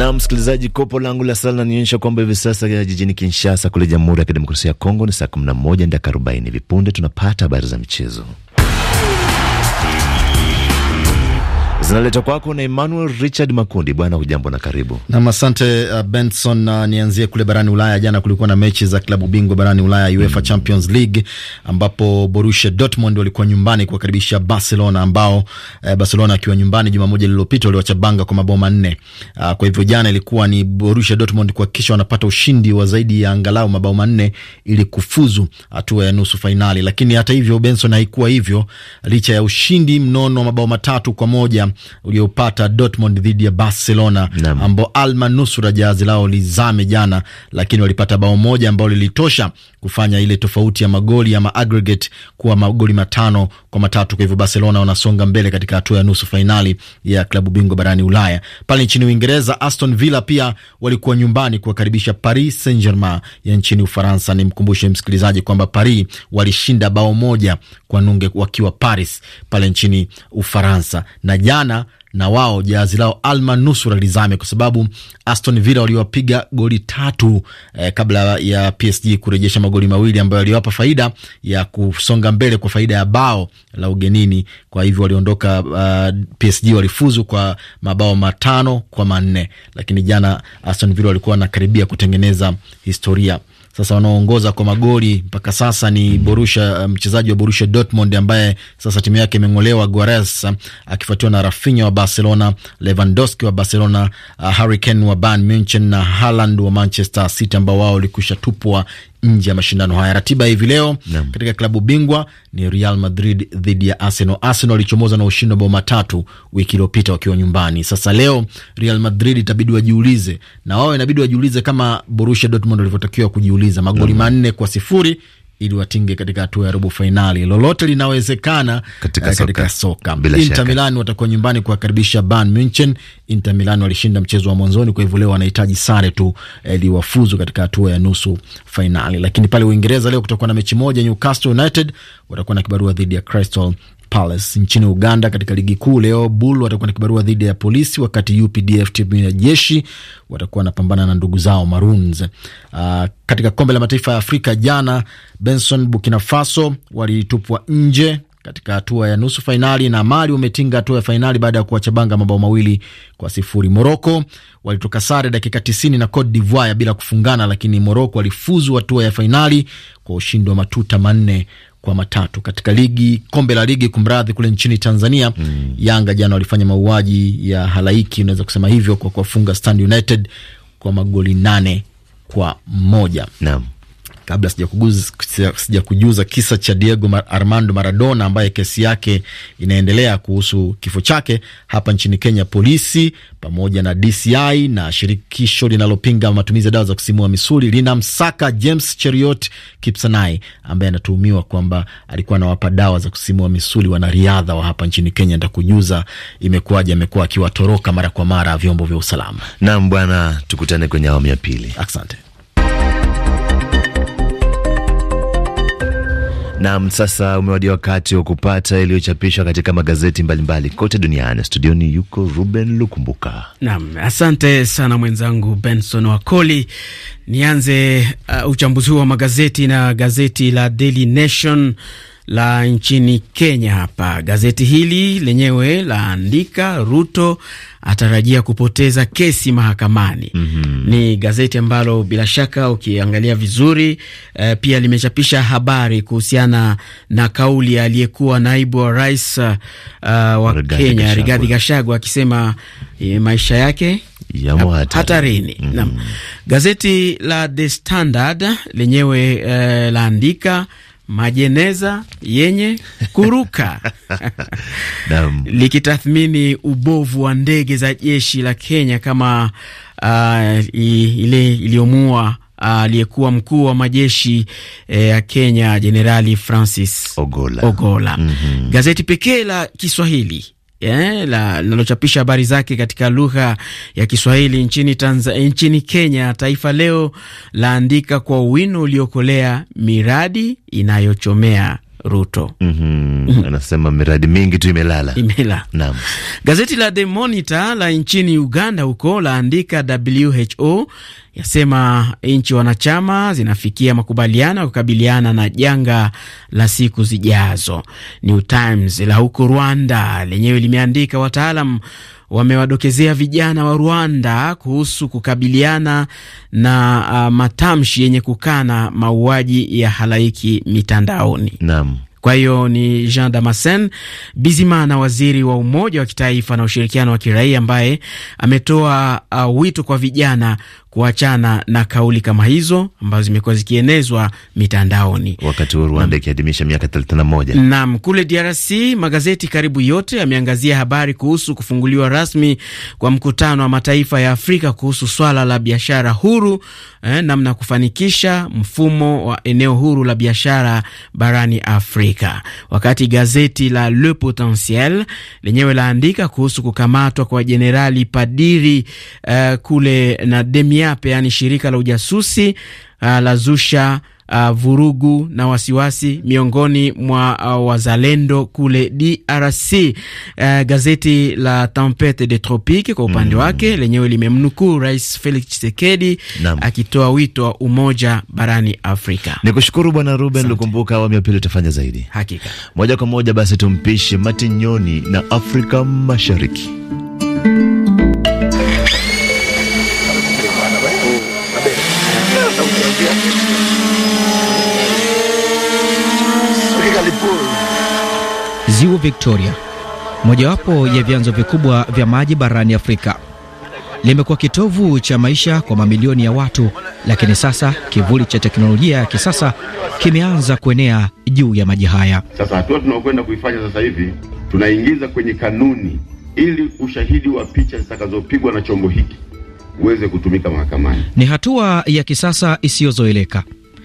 Na msikilizaji, kopo langu la sala nanionyesha kwamba hivi sasa jijini Kinshasa kule Jamhuri ya Kidemokrasia ya Kongo ni saa 11 dakika 40. Vipunde tunapata habari za michezo. zinaletwa kwako na Emmanuel Richard Makundi. Bwana hujambo na karibu nam. Asante uh, Benson uh, nianzie kule barani Ulaya. Jana kulikuwa na mechi za klabu bingwa barani Ulaya hmm. UEFA mm. Champions League ambapo Borussia Dortmund walikuwa nyumbani kuwakaribisha Barcelona ambao eh, Barcelona akiwa nyumbani juma moja lililopita waliwacha banga kwa mabao manne. Uh, kwa hivyo jana ilikuwa ni Borussia Dortmund kuhakikisha wanapata ushindi wa zaidi ya angalau mabao manne ili kufuzu hatua ya nusu fainali, lakini hata hivyo Benson haikuwa hivyo, licha ya ushindi mnono wa mabao matatu kwa moja uliopata Dortmund dhidi ya Barcelona ambao almanusura jahazi lao lizame jana, lakini walipata bao moja ambao lilitosha kufanya ile tofauti ya magoli ama aggregate kuwa magoli matano kwa matatu. Kwa hivyo Barcelona wanasonga mbele katika hatua ya nusu fainali ya klabu bingwa barani Ulaya. Pale nchini Uingereza, Aston Villa pia walikuwa nyumbani kuwakaribisha Paris Saint Germain ya nchini Ufaransa. Nimkumbushe msikilizaji kwamba Paris walishinda bao moja kwa nunge wakiwa Paris pale nchini Ufaransa na jana na wao jazi lao almanusura lizame, kwa sababu Aston Villa waliwapiga goli tatu eh, kabla ya PSG kurejesha magoli mawili ambayo yaliwapa faida ya kusonga mbele kwa faida ya bao la ugenini. Kwa hivyo waliondoka, uh, PSG walifuzu kwa mabao matano kwa manne, lakini jana Aston Villa walikuwa wanakaribia kutengeneza historia. Sasa wanaoongoza kwa magoli mpaka sasa ni Borusha, uh, mchezaji wa borusha Dortmund ambaye sasa timu yake imeng'olewa Guares, uh, akifuatiwa na Rafinha wa Barcelona, Lewandowski wa Barcelona, uh, Harry Kane wa Bayern Munich na Haaland wa Manchester City ambao wao walikusha tupwa nje ya mashindano haya. Ratiba hivi leo katika klabu bingwa ni Real Madrid dhidi ya Arsenal. Arsenal alichomoza na ushindi wa bao matatu wiki iliyopita wakiwa nyumbani. Sasa leo Real Madrid itabidi wajiulize, na wao inabidi wajiulize kama Borussia Dortmund walivyotakiwa kujiuliza, magoli manne kwa sifuri ili watinge katika hatua ya robo fainali. Lolote linawezekana eh, katika, uh, katika soka. Inter Milan watakuwa nyumbani kuwakaribisha Bayern Munchen. Inter Milan walishinda mchezo wa mwanzoni, kwa hivyo leo wanahitaji sare tu eh, ili eh, wafuzu katika hatua ya nusu fainali. Lakini pale Uingereza leo kutakuwa na mechi moja, Newcastle United watakuwa na kibarua dhidi ya Crystal Palace. Nchini Uganda, katika ligi kuu leo, Bull watakuwa na kibarua dhidi ya Polisi, wakati UPDF timu ya jeshi watakuwa wanapambana na ndugu zao Maroons. Uh, katika kombe la mataifa ya Afrika jana, Benson Burkina Faso walitupwa nje katika hatua ya nusu fainali na Mali umetinga hatua ya fainali baada ya kuwachabanga mabao mawili kwa sifuri. Moroko walitoka sare dakika tisini na Cote d'Ivoire bila kufungana, lakini Moroko walifuzu hatua ya fainali kwa ushindi wa matuta manne kwa matatu katika ligi kombe la ligi kumradhi, kule nchini Tanzania mm. Yanga jana walifanya mauaji ya halaiki, unaweza kusema hivyo, kwa kuwafunga Stand United kwa magoli nane kwa moja. Naam kabla kujuza kisa cha Diego Armando Maradona ambaye kesi yake inaendelea kuhusu kifo chake hapa nchini Kenya, polisi pamoja na DCI na shirikisho linalopinga matumizi ya dawa za kusimua misuli linamsaka James Cheriot Kipsanai ambaye anatuhumiwa kwamba alikuwa anawapa dawa za kusimua misuli wanariadha wa hapa nchini Kenya. Nitakujuza imekuwaje, amekuwa akiwatoroka mara kwa mara vyombo vya usalama. Naam bwana, tukutane kwenye awamu ya pili. Asante. Nam, sasa umewadia wakati wa kupata yaliyochapishwa katika magazeti mbalimbali kote duniani. Studioni yuko Ruben Lukumbuka. Nam, asante sana mwenzangu Benson Wakoli. Nianze uh, uchambuzi huu wa magazeti na gazeti la Daily Nation la nchini Kenya hapa. Gazeti hili lenyewe laandika Ruto atarajia kupoteza kesi mahakamani. mm -hmm. Ni gazeti ambalo bila shaka ukiangalia vizuri e, pia limechapisha habari kuhusiana na kauli aliyekuwa naibu wa rais uh, wa Rigathi Kenya Rigathi Gachagua akisema e, maisha yake hatarini. mm -hmm. Naam, gazeti la The Standard lenyewe e, laandika majeneza yenye kuruka likitathmini ubovu wa ndege za jeshi la Kenya kama uh, ile iliyomua uh, aliyekuwa uh, mkuu wa majeshi eh, ya eh, Kenya Jenerali Francis Ogola, Ogola. Mm -hmm. Gazeti pekee la Kiswahili Eh, linalochapisha habari zake katika lugha ya Kiswahili nchini Tanzania, nchini Kenya, Taifa Leo laandika kwa wino uliokolea miradi inayochomea Ruto. mm -hmm. Mm -hmm. Anasema miradi mingi tu imelala, imela. Naam. Gazeti la The Monitor la nchini Uganda huko laandika WHO yasema nchi wanachama zinafikia makubaliano ya kukabiliana na janga la siku zijazo. New Times la huko Rwanda lenyewe limeandika wataalam wamewadokezea vijana wa Rwanda kuhusu kukabiliana na uh, matamshi yenye kukana mauaji ya halaiki mitandaoni. Naam. Kwa hiyo ni Jean Damasen Bizimana, waziri wa Umoja wa Kitaifa na ushirikiano wa kiraia, ambaye ametoa uh, wito kwa vijana kuachana na kauli kama hizo ambazo zimekuwa zikienezwa mitandaoni wakati huu Rwanda ikiadhimisha miaka 31. Naam, kule DRC magazeti karibu yote yameangazia habari kuhusu kufunguliwa rasmi kwa mkutano wa mataifa ya Afrika kuhusu swala la biashara huru eh, namna kufanikisha mfumo wa eneo huru la biashara barani Afrika, wakati gazeti la Le Potentiel lenyewe laandika kuhusu kukamatwa kwa Jenerali Padiri eh, kule na Demi Miape, yaani shirika la ujasusi uh, la zusha Uh, vurugu na wasiwasi miongoni mwa uh, wazalendo kule DRC. Uh, gazeti la Tempete de Tropique kwa upande mm, wake lenyewe limemnukuu Rais Felix Tshisekedi akitoa wito wa umoja barani Afrika. Nikushukuru Bwana Ruben Lukumbuka, awamu ya pili utafanya zaidi. Hakika. Moja kwa moja basi tumpishe Matinyoni na Afrika Mashariki. Victoria, mojawapo ya vyanzo vikubwa vya maji barani Afrika, limekuwa kitovu cha maisha kwa mamilioni ya watu, lakini sasa kivuli cha teknolojia ya kisasa kimeanza kuenea juu ya maji haya. Sasa hatua tunaokwenda kuifanya sasa hivi, tunaingiza kwenye kanuni ili ushahidi wa picha zitakazopigwa na chombo hiki uweze kutumika mahakamani. Ni hatua ya kisasa isiyozoeleka.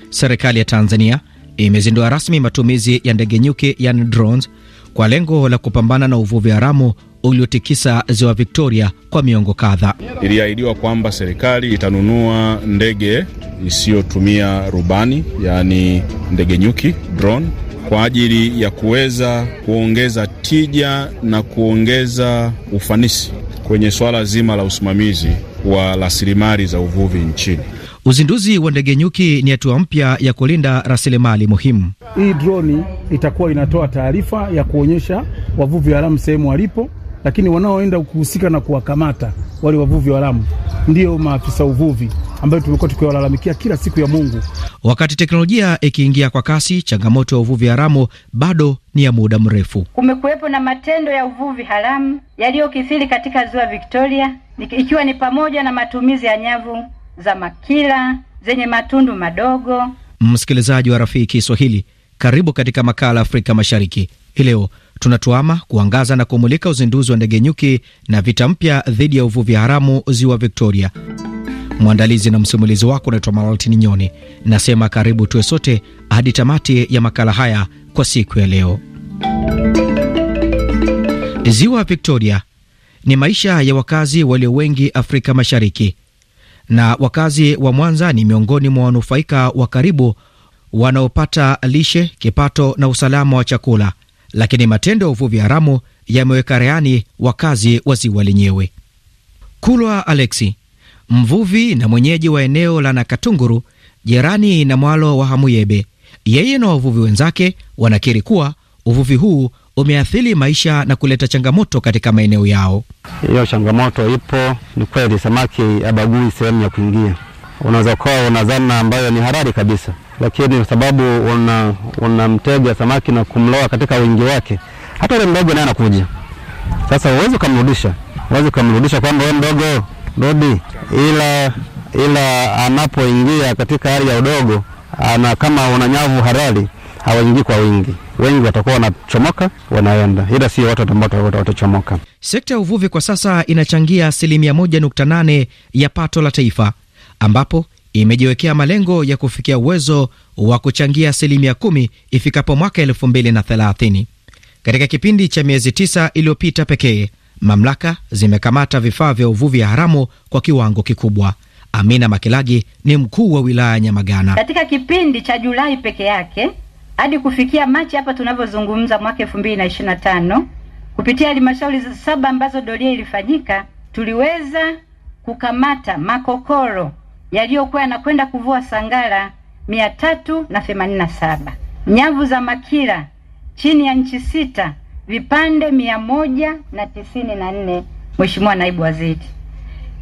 Serikali ya Tanzania imezindua rasmi matumizi ya ndege nyuki, yani drones kwa lengo la kupambana na uvuvi haramu uliotikisa ziwa Victoria kwa miongo kadhaa. Iliahidiwa kwamba serikali itanunua ndege isiyotumia rubani, yaani ndege nyuki drone, kwa ajili ya kuweza kuongeza tija na kuongeza ufanisi kwenye swala zima la usimamizi wa rasilimali za uvuvi nchini. Uzinduzi wa ndege nyuki ni hatua mpya ya kulinda rasilimali muhimu. Hii droni itakuwa inatoa taarifa ya kuonyesha wavuvi haramu sehemu walipo, lakini wanaoenda kuhusika na kuwakamata wale wavuvi haramu ndiyo maafisa uvuvi ambayo tumekuwa tukiwalalamikia kila siku ya Mungu. Wakati teknolojia ikiingia kwa kasi, changamoto ya uvuvi haramu bado ni ya muda mrefu. Kumekuwepo na matendo ya uvuvi haramu yaliyokithiri katika ziwa Victoria, ikiwa ni pamoja na matumizi ya nyavu za makila zenye matundu madogo. Msikilizaji wa rafiki Kiswahili, karibu katika makala Afrika Mashariki. Hii leo tunatuama kuangaza na kumulika uzinduzi wa ndege nyuki na vita mpya dhidi ya uvuvi haramu ziwa Victoria. Mwandalizi na msimulizi wako unaitwa Malaltini Nyoni. Nasema karibu tuwe sote hadi tamati ya makala haya kwa siku ya leo. Ziwa Victoria ni maisha ya wakazi walio wengi Afrika Mashariki na wakazi wa Mwanza ni miongoni mwa wanufaika wa karibu wanaopata lishe, kipato na usalama wa chakula, lakini matendo ya uvuvi haramu yameweka rehani wakazi wa ziwa lenyewe. Kulwa Alexi, mvuvi na mwenyeji wa eneo la Nakatunguru jirani na mwalo wa Hamuyebe, yeye na wavuvi wenzake wanakiri kuwa uvuvi huu umeathiri maisha na kuleta changamoto katika maeneo yao. Hiyo changamoto ipo, ni kweli, samaki abagui sehemu ya kuingia. Unaweza kuwa zana ambayo ni harari kabisa, lakini kwa sababu unamtega una samaki na kumloa katika wingi wake, hata ule mdogo naye anakuja. Sasa uwezi ukamrudisha, uwezi ukamrudisha kwamba wewe mdogo rudi, ila ila anapoingia katika hali ya udogo ana kama una nyavu hawaingii kwa wingi, wengi watakuwa wanachomoka wanaenda, ila sio watu ambao watachomoka. Sekta ya uvuvi kwa sasa inachangia asilimia 1.8 ya pato la taifa, ambapo imejiwekea malengo ya kufikia uwezo wa kuchangia asilimia 10 ifikapo mwaka 2030. Katika kipindi cha miezi 9 iliyopita pekee, mamlaka zimekamata vifaa vya uvuvi haramu kwa kiwango kikubwa. Amina Makelagi ni mkuu wa wilaya Nyamagana. Katika kipindi cha Julai peke yake hadi kufikia Machi hapa tunavyozungumza mwaka elfu mbili na ishirini na tano kupitia halmashauri saba ambazo doria ilifanyika tuliweza kukamata makokoro yaliyokuwa yanakwenda kuvua sangara mia tatu na themanini na saba nyavu za makira chini ya nchi sita vipande mia moja na tisini na nne Mheshimiwa Naibu Waziri,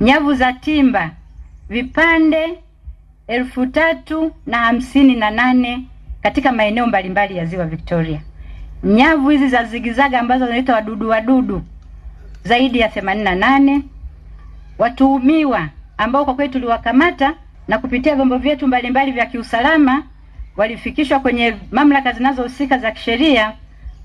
nyavu za timba vipande elfu tatu na hamsini na nane katika maeneo mbalimbali ya ziwa Victoria. Nyavu hizi za zigizaga ambazo zinaitwa wadudu wadudu zaidi ya 88 watuhumiwa ambao kwa kweli tuliwakamata na kupitia vyombo vyetu mbalimbali vya kiusalama walifikishwa kwenye mamlaka zinazohusika za kisheria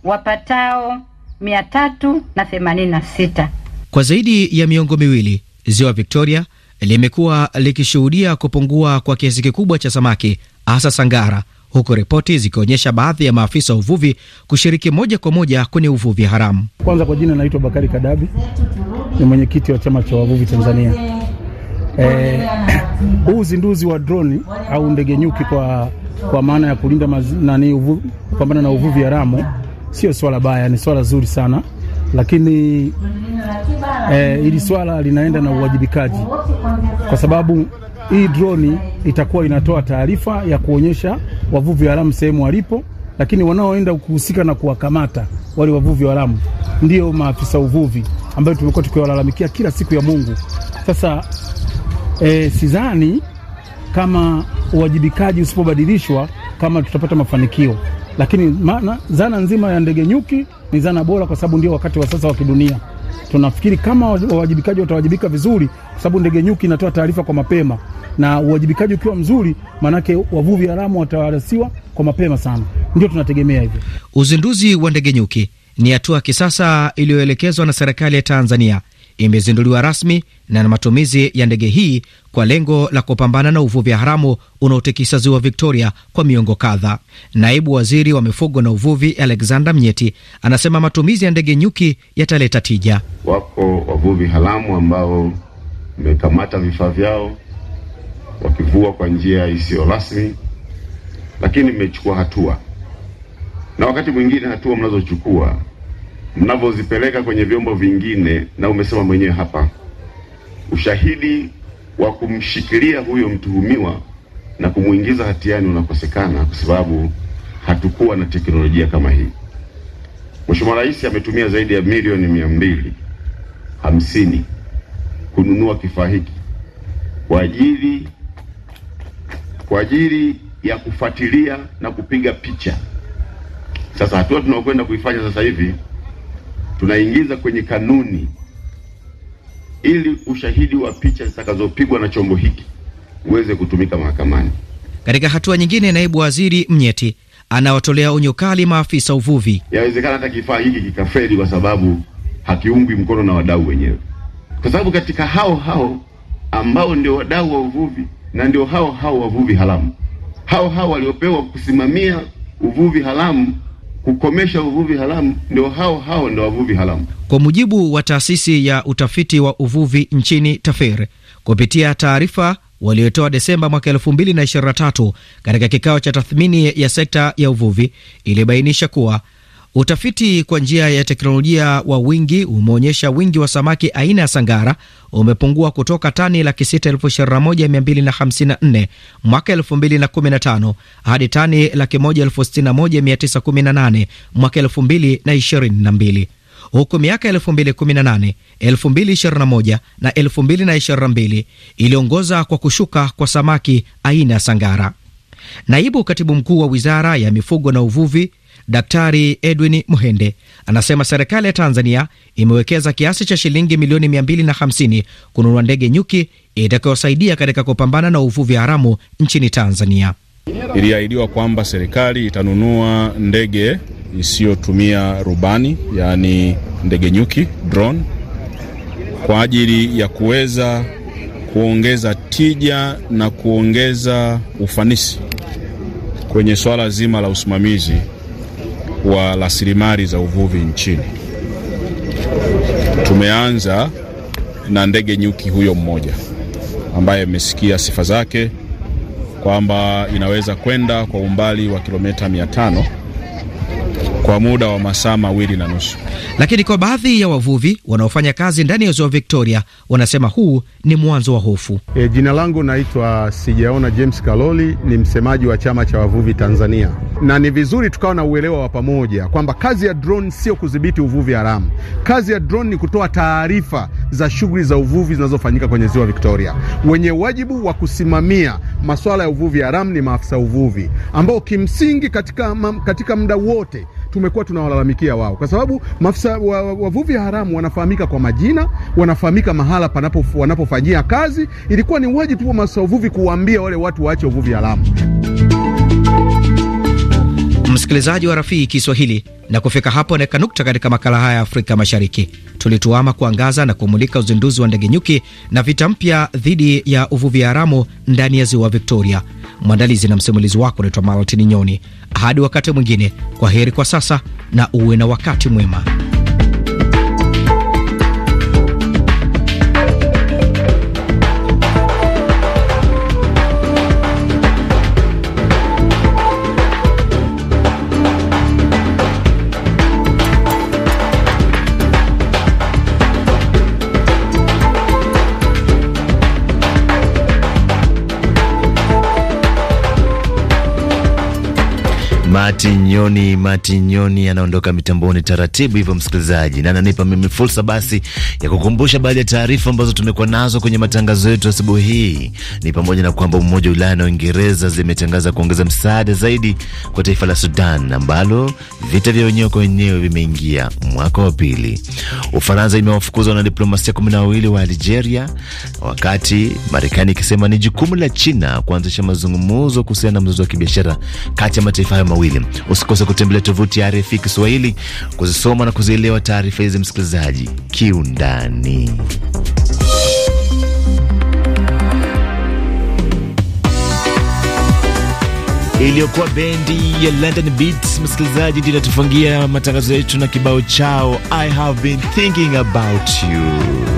wapatao mia tatu na themanini na sita. Kwa zaidi ya miongo miwili ziwa Victoria limekuwa likishuhudia kupungua kwa kiasi kikubwa cha samaki hasa sangara huku ripoti zikionyesha baadhi ya maafisa wa uvuvi kushiriki moja kwa moja kwenye uvuvi haramu. Kwanza kwa jina naitwa Bakari Kadabi, ni mwenyekiti wa chama cha wavuvi Tanzania. Eh, huu eh, uzinduzi wa droni au ndege nyuki kwa, kwa maana ya kulinda kupambana na uvuvi haramu sio swala baya, ni swala zuri sana, lakini eh, ili swala linaenda na uwajibikaji, kwa sababu hii droni itakuwa inatoa taarifa ya kuonyesha wavuvi haramu sehemu walipo, lakini wanaoenda kuhusika na kuwakamata wale wavuvi haramu ndio maafisa uvuvi ambayo tumekuwa tukiwalalamikia kila siku ya Mungu. Sasa e, sidhani kama uwajibikaji usipobadilishwa kama tutapata mafanikio, lakini maana, zana nzima ya ndege nyuki ni zana bora, kwa sababu ndio wakati wa sasa wa kidunia Tunafikiri kama wawajibikaji watawajibika vizuri, kwa sababu ndege nyuki inatoa taarifa kwa mapema, na uwajibikaji ukiwa mzuri, maanake wavuvi haramu watawarasiwa kwa mapema sana. Ndio tunategemea hivyo. Uzinduzi wa ndege nyuki ni hatua ya kisasa iliyoelekezwa na serikali ya Tanzania imezinduliwa rasmi na matumizi ya ndege hii kwa lengo la kupambana na uvuvi haramu unaotikisa ziwa Victoria kwa miongo kadha Naibu waziri wa mifugo na uvuvi Alexander Mnyeti anasema matumizi ya ndege nyuki yataleta tija. Wako wavuvi haramu ambao wamekamata vifaa vyao wakivua kwa njia isiyo rasmi, lakini mmechukua hatua, na wakati mwingine hatua mnazochukua mnavyozipeleka kwenye vyombo vingine, na umesema mwenyewe hapa, ushahidi wa kumshikilia huyo mtuhumiwa na kumwingiza hatiani unakosekana kwa sababu hatukuwa na teknolojia kama hii. Mheshimiwa Rais ametumia zaidi ya milioni mia mbili hamsini kununua kifaa hiki kwa ajili kwa ajili ya kufuatilia na kupiga picha. Sasa hatua tunaokwenda kuifanya sasa hivi tunaingiza kwenye kanuni ili ushahidi wa picha zitakazopigwa na chombo hiki uweze kutumika mahakamani. Katika hatua nyingine, naibu waziri Mnyeti anawatolea onyo kali maafisa uvuvi. Yawezekana hata kifaa hiki kikafeli kwa sababu hakiungwi mkono na wadau wenyewe, kwa sababu katika hao hao ambao ndio wadau wa uvuvi na ndio hao hao wavuvi haramu, hao hao waliopewa kusimamia uvuvi haramu kukomesha uvuvi haramu, ndio hao hao ndio wavuvi haramu. Kwa mujibu wa taasisi ya utafiti wa uvuvi nchini TAFIR kupitia taarifa waliotoa Desemba mwaka tatu katika kikao cha tathmini ya sekta ya uvuvi ilibainisha kuwa Utafiti kwa njia ya teknolojia wa wingi umeonyesha wingi wa samaki aina ya sangara umepungua kutoka tani laki sita mwaka elfu hadi tani laki 161918 mwaka elfu huku miaka 2018, 2021 na 2022 iliongoza kwa kushuka kwa samaki aina ya sangara. Naibu katibu mkuu wa wizara ya mifugo na uvuvi Daktari Edwin Muhende anasema serikali ya Tanzania imewekeza kiasi cha shilingi milioni 250 kununua ndege nyuki itakayosaidia katika kupambana na uvuvi haramu nchini Tanzania. Iliahidiwa kwamba serikali itanunua ndege isiyotumia rubani, yaani ndege nyuki drone, kwa ajili ya kuweza kuongeza tija na kuongeza ufanisi kwenye swala zima la usimamizi wa rasilimali za uvuvi nchini. Tumeanza na ndege nyuki huyo mmoja ambaye amesikia sifa zake kwamba inaweza kwenda kwa umbali wa kilomita 500 kwa muda wa masaa mawili na nusu. Lakini kwa baadhi ya wavuvi wanaofanya kazi ndani ya ziwa Victoria wanasema huu ni mwanzo wa hofu. E, jina langu naitwa Sijaona James Kaloli, ni msemaji wa chama cha wavuvi Tanzania, na ni vizuri tukawa na uelewa wa pamoja kwamba kazi ya drone sio kudhibiti uvuvi haramu. Kazi ya drone ni kutoa taarifa za shughuli za uvuvi zinazofanyika kwenye ziwa Victoria. Wenye wajibu wa kusimamia masuala ya uvuvi haramu ni maafisa uvuvi ambao kimsingi katika, katika muda wote tumekuwa tunawalalamikia wao, kwa sababu maafisa wavuvi wa, wa haramu wanafahamika kwa majina, wanafahamika mahala wanapofanyia kazi. Ilikuwa ni wajibu wa maafisa wavuvi kuwaambia wale watu waache uvuvi haramu. Msikilizaji wa Rafii Kiswahili, na kufika hapo anaweka nukta katika makala haya ya Afrika Mashariki. Tulituama kuangaza na kumulika uzinduzi wa ndege nyuki na vita mpya dhidi ya uvuvi haramu ndani ya ziwa Victoria. Mwandalizi na msimulizi wako unaitwa maltini Nyoni. Hadi wakati mwingine, kwa heri kwa sasa na uwe na wakati mwema. Matinyoni, Nyoni anaondoka mitamboni taratibu hivyo, msikilizaji, na ananipa mimi fursa basi ya kukumbusha baadhi ya taarifa ambazo tumekuwa nazo kwenye matangazo yetu asubuhi hii. Ni pamoja na kwamba Umoja wa Ulaya na Uingereza zimetangaza kuongeza msaada zaidi kwa taifa la Sudan ambalo vita vya wenyewe kwa wenyewe vimeingia mwaka wa pili. Ufaransa imewafukuza wanadiplomasia kumi na wawili wa Algeria, wakati Marekani ikisema ni jukumu la China kuanzisha mazungumzo kuhusiana na mzozo wa kibiashara kati ya mataifa hayo mawili wawili. Usikose kutembelea tovuti ya RFI Kiswahili kuzisoma na kuzielewa taarifa hizi, msikilizaji, kiundani. iliyokuwa bendi ya London Beats, msikilizaji, ndio inatufungia matangazo yetu na kibao chao I have been thinking about you.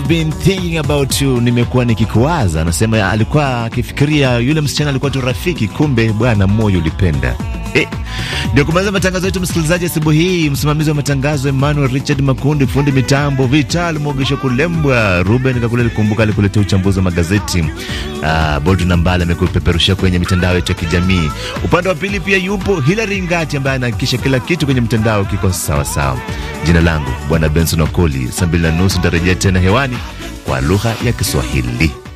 I've been thinking about you, nimekuwa nikikuwaza. Anasema alikuwa akifikiria yule msichana alikuwa tu rafiki, kumbe bwana moyo ulipenda Eh, ndio kumaliza matangazo yetu msikilizaji asubuhi hii. Msimamizi wa matangazo Emmanuel Richard Makundi, fundi mitambo Vital Mogisho Kulembwa, Ruben Kakule Likumbuka alikuletea uchambuzi wa magazeti. Uh, ah, Bold Nambala amekupeperushia kwenye mitandao yetu ya kijamii. Upande wa pili pia yupo Hilary Ngati ambaye anahakikisha kila kitu kwenye mtandao kiko sawasawa sawa. Jina langu Bwana Benson Okoli, saa mbili na nusu nitarejea tena hewani kwa lugha ya Kiswahili.